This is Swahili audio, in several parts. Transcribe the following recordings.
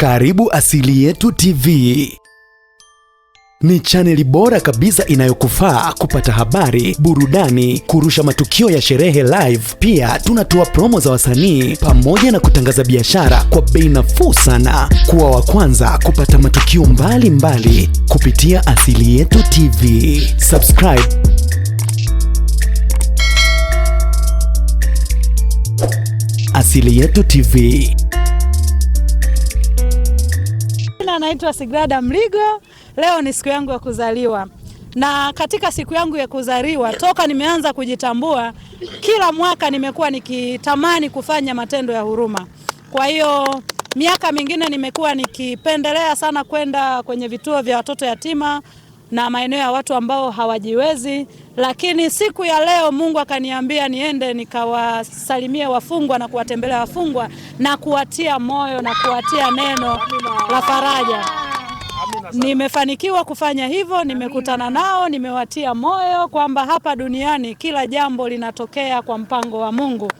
Karibu Asili Yetu TV ni chaneli bora kabisa inayokufaa kupata habari, burudani, kurusha matukio ya sherehe live. Pia tunatoa promo za wasanii pamoja na kutangaza biashara kwa bei nafuu sana. Kuwa wa kwanza kupata matukio mbalimbali mbali kupitia Asili Yetu TV. Subscribe. Asili Yetu TV. naitwa Sigrada Mligo. Leo ni siku yangu ya kuzaliwa, na katika siku yangu ya kuzaliwa, toka nimeanza kujitambua, kila mwaka nimekuwa nikitamani kufanya matendo ya huruma. Kwa hiyo miaka mingine nimekuwa nikipendelea sana kwenda kwenye vituo vya watoto yatima na maeneo ya watu ambao hawajiwezi. Lakini siku ya leo Mungu akaniambia niende nikawasalimie wafungwa na kuwatembelea wafungwa na kuwatia moyo na kuwatia neno la faraja. Nimefanikiwa kufanya hivyo, nimekutana nao, nimewatia moyo kwamba hapa duniani kila jambo linatokea kwa mpango wa Mungu,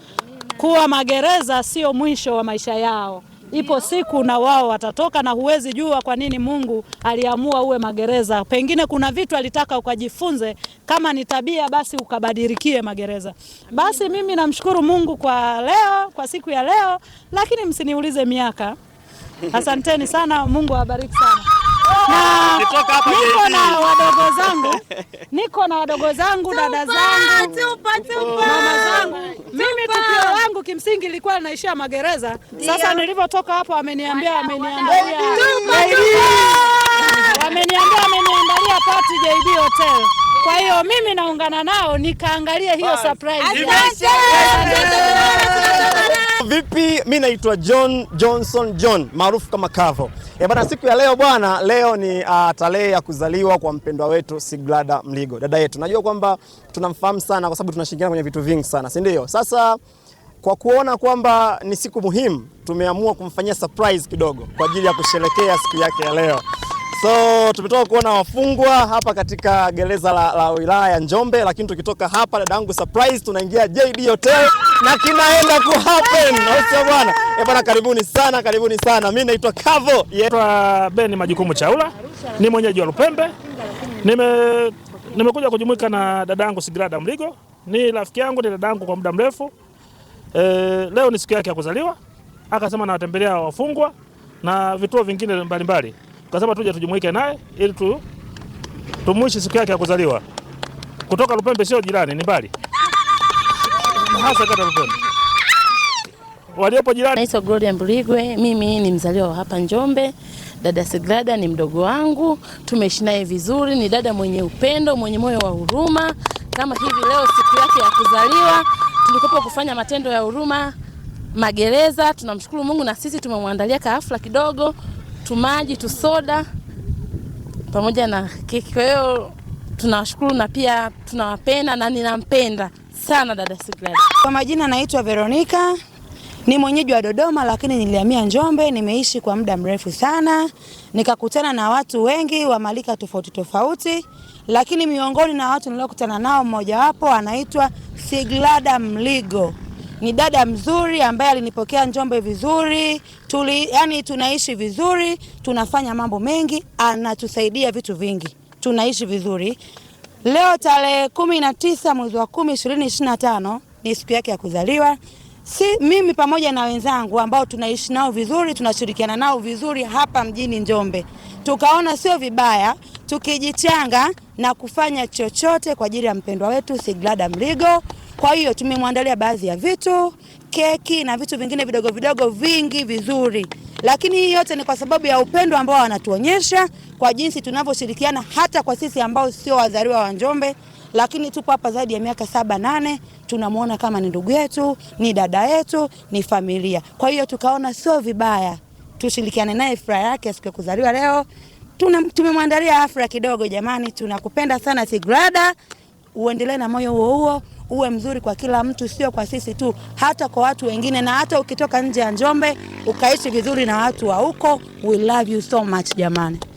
kuwa magereza sio mwisho wa maisha yao. Ipo siku na wao watatoka, na huwezi jua kwa nini Mungu aliamua uwe magereza. Pengine kuna vitu alitaka ukajifunze, kama ni tabia, basi ukabadilikie magereza. Basi mimi namshukuru Mungu kwa leo, kwa siku ya leo, lakini msiniulize miaka. Asanteni sana, Mungu awabariki sana. Ah, na niko na wadogo zangu, niko na wadogo zangu, dada zangu, mama zangu. Mimi tukio langu kimsingi ilikuwa linaishia magereza. Sasa nilivyotoka hapo, ameniambia ameniandalia ameniambia ameniandalia party JD Hotel. Kwa hiyo mimi naungana nao nikaangalia hiyo surprise. Mimi naitwa John Johnson John maarufu kama Kavo. E bana, siku ya leo bwana, leo ni uh, tarehe ya kuzaliwa kwa mpendwa wetu Sigrada Mligo, dada yetu. Najua kwamba tunamfahamu sana kwa sababu tunashirikiana kwenye vitu vingi sana, si ndio? Sasa kwa kuona kwamba ni siku muhimu, tumeamua kumfanyia surprise kidogo kwa ajili ya kusherekea siku yake ya leo. So tumetoka kuona wafungwa hapa katika gereza la, la wilaya ya Njombe, lakini tukitoka hapa dadangu surprise, tunaingia JD Hotel na kinaenda ku happen bwana. Eh bwana, karibuni sana, karibuni sana. Mimi naitwa Kavo yeah. Ben Majukumu Chaula ni mwenyeji wa Lupembe. Nime nimekuja kujumuika na dadangu Sigrada Mligo, ni rafiki yangu, ni dadangu kwa muda mrefu. E, leo ni siku yake ya kuzaliwa, akasema nawatembelea wafungwa na vituo vingine mbalimbali mbali. Kasema tuje tujumuike naye ili tu tumuishi siku yake ya kuzaliwa. Kutoka Lupembe sio jirani, ni mbali hasa kata Lupembe waliopo jirani. Naitwa Gloria Mbuligwe, mimi ni mzaliwa wa hapa Njombe. Dada Sigrada ni mdogo wangu, tumeishi naye vizuri. Ni dada mwenye upendo, mwenye moyo wa huruma. Kama hivi leo siku yake ya kuzaliwa, tulikopo kufanya matendo ya huruma magereza. Tunamshukuru Mungu na sisi tumemwandalia kahafla kidogo tumaji, tusoda pamoja na keki. Kwa hiyo tunawashukuru na pia tunawapenda na ninampenda sana dada Sigrada. Kwa majina naitwa Veronica, ni mwenyeji wa Dodoma lakini nilihamia Njombe. Nimeishi kwa muda mrefu sana, nikakutana na watu wengi wa malika tofauti tofauti, lakini miongoni na watu niliokutana nao mmojawapo anaitwa Sigrada Mligo. Ni dada mzuri ambaye alinipokea Njombe vizuri tuli, yani tunaishi vizuri, tunafanya mambo mengi, anatusaidia vitu vingi, tunaishi vizuri. Leo tarehe kumi na tisa mwezi wa kumi ishirini ishirini na tano ni siku yake ya kuzaliwa. Si mimi pamoja na wenzangu ambao tunaishi nao vizuri, tunashirikiana nao vizuri hapa mjini Njombe, tukaona sio vibaya tukijichanga na kufanya chochote kwa ajili ya mpendwa wetu Siglada Mligo. Kwa hiyo tumemwandalia baadhi ya vitu, keki na vitu vingine vidogo vidogo vingi vizuri, lakini hii yote ni kwa sababu ya upendo ambao wanatuonyesha kwa jinsi tunavyoshirikiana, hata kwa sisi ambao sio wazaliwa wa Njombe lakini tupo hapa zaidi ya miaka saba nane, tunamwona kama ni ndugu yetu, ni dada yetu, ni familia. Kwa hiyo tukaona sio vibaya tushirikiane naye furaha yake siku ya kuzaliwa leo. Tumemwandalia afra kidogo. Jamani, tunakupenda sana Sigrada, uendelee na moyo huo huo uwe mzuri kwa kila mtu, sio kwa sisi tu, hata kwa watu wengine, na hata ukitoka nje ya Njombe ukaishi vizuri na watu wa huko. We love you so much jamani.